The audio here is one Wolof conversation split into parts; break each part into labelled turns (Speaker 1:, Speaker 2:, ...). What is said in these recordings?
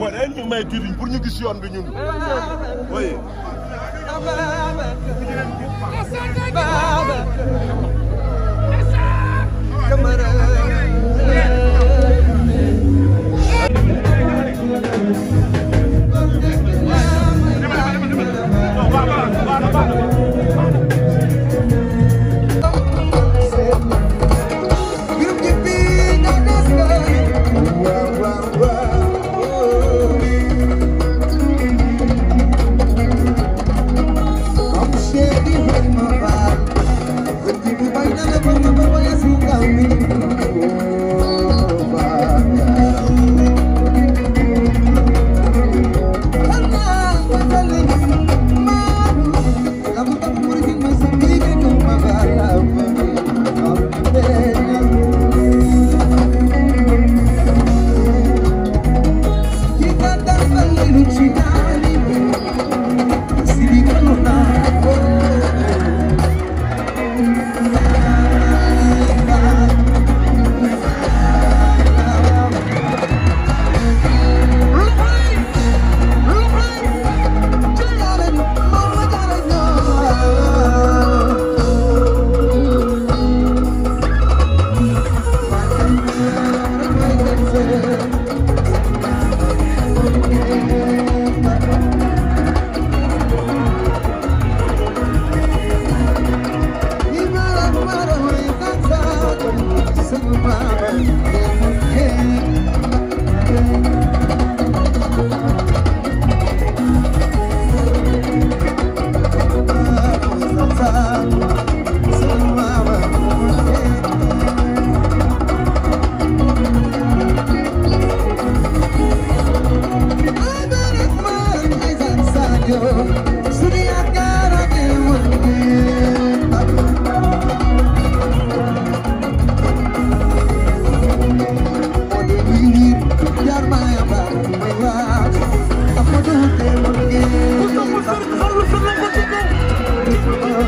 Speaker 1: waaw ñu may tuuti pour ñu gis yoon bi ñun. oui. Thank you. Thank you.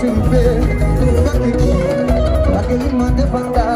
Speaker 1: sirve, tu bakki, bakki ma defal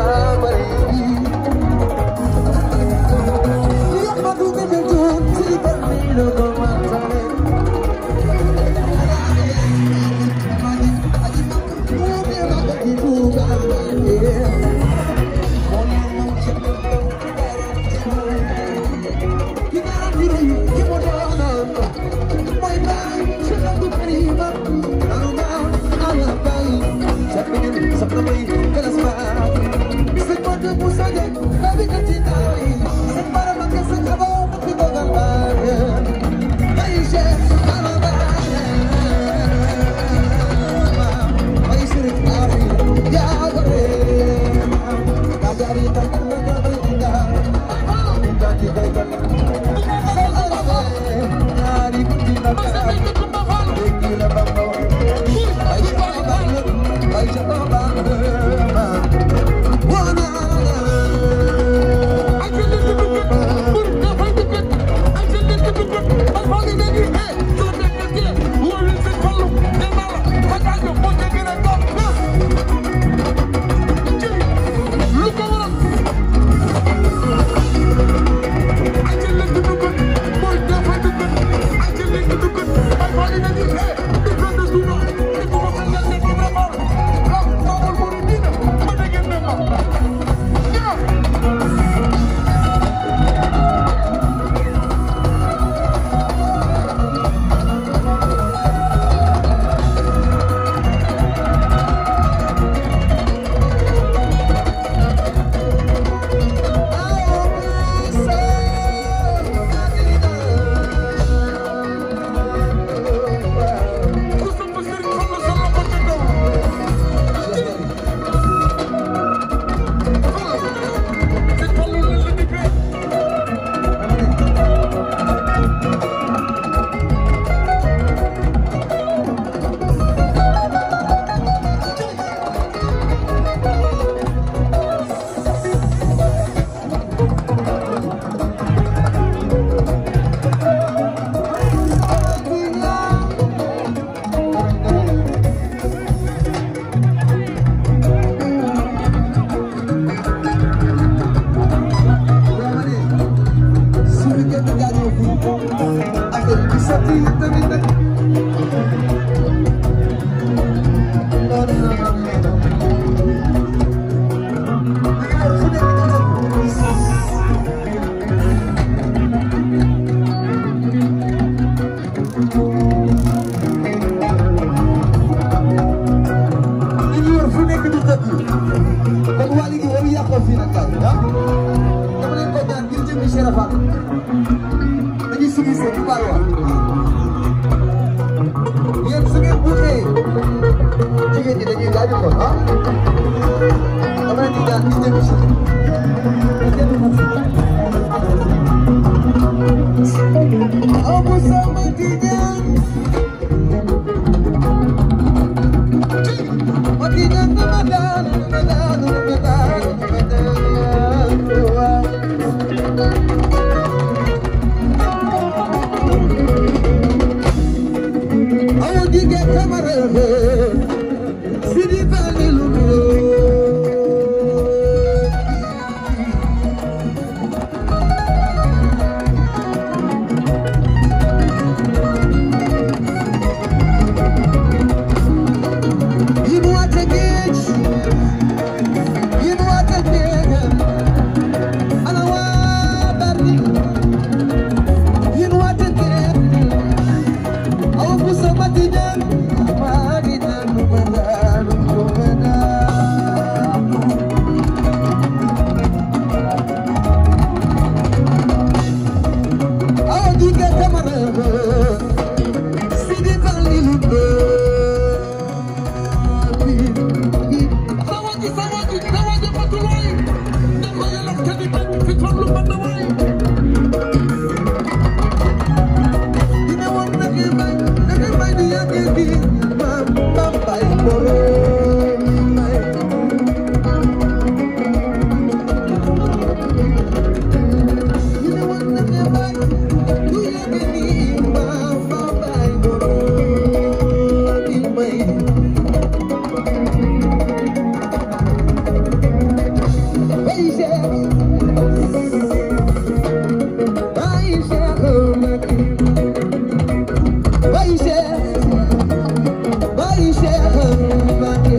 Speaker 1: Bakke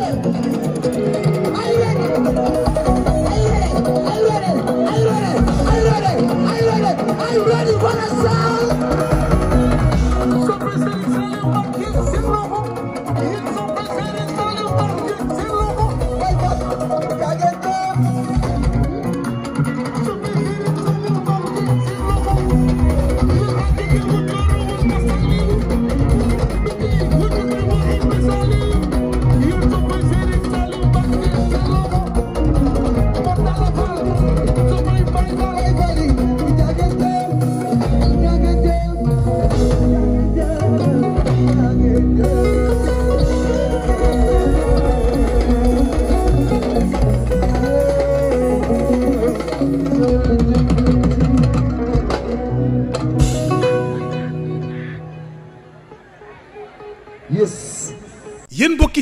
Speaker 1: Ayo, ayo, ayo.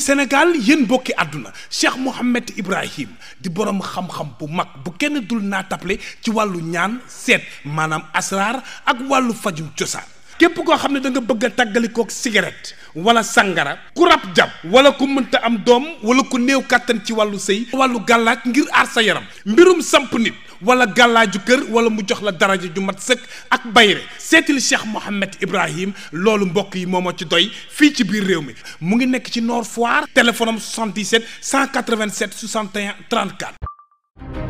Speaker 1: Sénégal yéen bokki àdduna Cheikh Mouhamed Ibrahim di borom xam-xam bu mag bu kenn dul naatable ci wàllu ñaan seet maanaam asraar ak wàllu fajum cosaan képp koo xam ne danga nga bëgg a tàggalikook cigarette wala sàngara ku rab jàpp wala ku mënta am doom wala ku néew kàttan ci wàllu sëy wàllu gàllaaj ngir aar sa yaram mbirum samp nit wala gàllaaju kër wala mu jox la daraja ju mat sëkk ak bayre seetil Cheikh Mouhamed Ibrahim loolu mbokk yi moomoo ci doy fii ci biir réew mi mu ngi nekk ci Nord Foire téléphone am 77 187 61 34